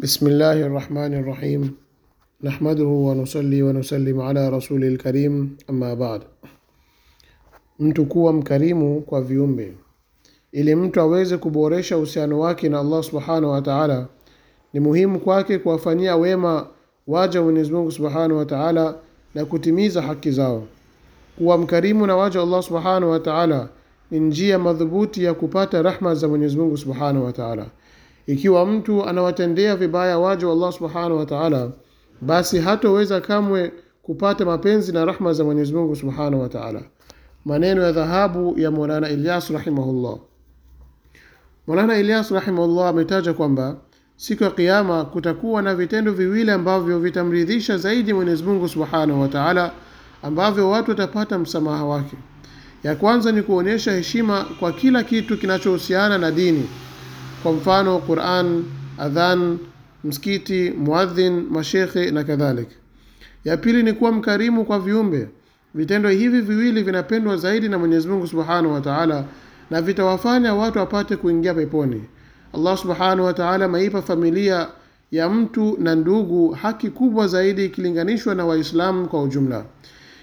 بسم الله الرحمن الرحيم نحمده ونصلي ونسلم ala rasuli lkarim amma ba'd. Mtu kuwa mkarimu kwa viumbe. Ili mtu aweze kuboresha uhusiano wake na Allah subhanahu wa taala, ni muhimu kwake kuwafanyia wema waja wa Mwenyezi Mungu subhanahu wa taala na kutimiza haki zao. Kuwa mkarimu na waja Allah subhanahu wa taala ni njia madhubuti ya kupata rahma za Mwenyezi Mungu subhanahu wa taala. Ikiwa mtu anawatendea vibaya waja wa Allah subhanahu wa taala, basi hatoweza kamwe kupata mapenzi na rahma za Mwenyezi Mungu subhanahu wa taala. Maneno ya dhahabu ya Maulana Ilyas rahimahullah. Maulana Ilyas rahimahullah ametaja kwamba siku ya Kiyama kutakuwa na vitendo viwili ambavyo vitamridhisha zaidi Mwenyezi Mungu subhanahu wa taala, ambavyo watu watapata msamaha wake. Ya kwanza ni kuonyesha heshima kwa kila kitu kinachohusiana na dini kwa mfano Quran, adhan, msikiti, muadhin, mashekhe na kadhalika. Ya pili ni kuwa mkarimu kwa viumbe. Vitendo hivi viwili vinapendwa zaidi na Mwenyezi Mungu Subhanahu wa Ta'ala na vitawafanya watu wapate kuingia peponi. Allah Subhanahu wa Ta'ala ameipa familia ya mtu na ndugu haki kubwa zaidi ikilinganishwa na Waislamu kwa ujumla.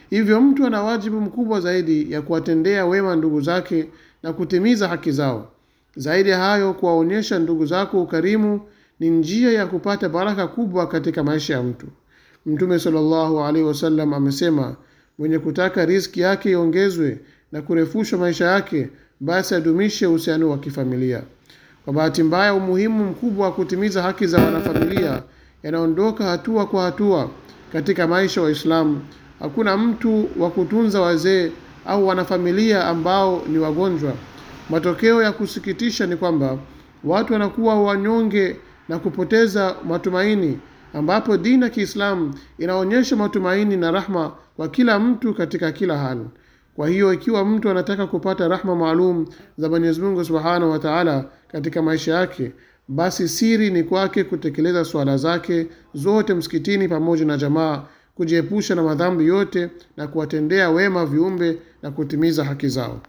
Hivyo mtu ana wajibu mkubwa zaidi ya kuwatendea wema ndugu zake na kutimiza haki zao. Zaidi ya hayo, kuwaonyesha ndugu zako ukarimu ni njia ya kupata baraka kubwa katika maisha ya mtu. Mtume sallallahu alaihi wasallam amesema, mwenye kutaka riski yake iongezwe na kurefushwa maisha yake, basi adumishe uhusiano wa kifamilia. Kwa bahati mbaya, umuhimu mkubwa wa kutimiza haki za wanafamilia yanaondoka hatua kwa hatua katika maisha Waislamu. Hakuna mtu wa kutunza wazee au wanafamilia ambao ni wagonjwa Matokeo ya kusikitisha ni kwamba watu wanakuwa wanyonge na kupoteza matumaini, ambapo dini ya Kiislamu inaonyesha matumaini na rahma kwa kila mtu katika kila hali. Kwa hiyo ikiwa mtu anataka kupata rahma maalum za Mwenyezi Mungu Subhanahu wa Ta'ala katika maisha yake, basi siri ni kwake kutekeleza swala zake zote msikitini pamoja na jamaa, kujiepusha na madhambi yote na kuwatendea wema viumbe na kutimiza haki zao.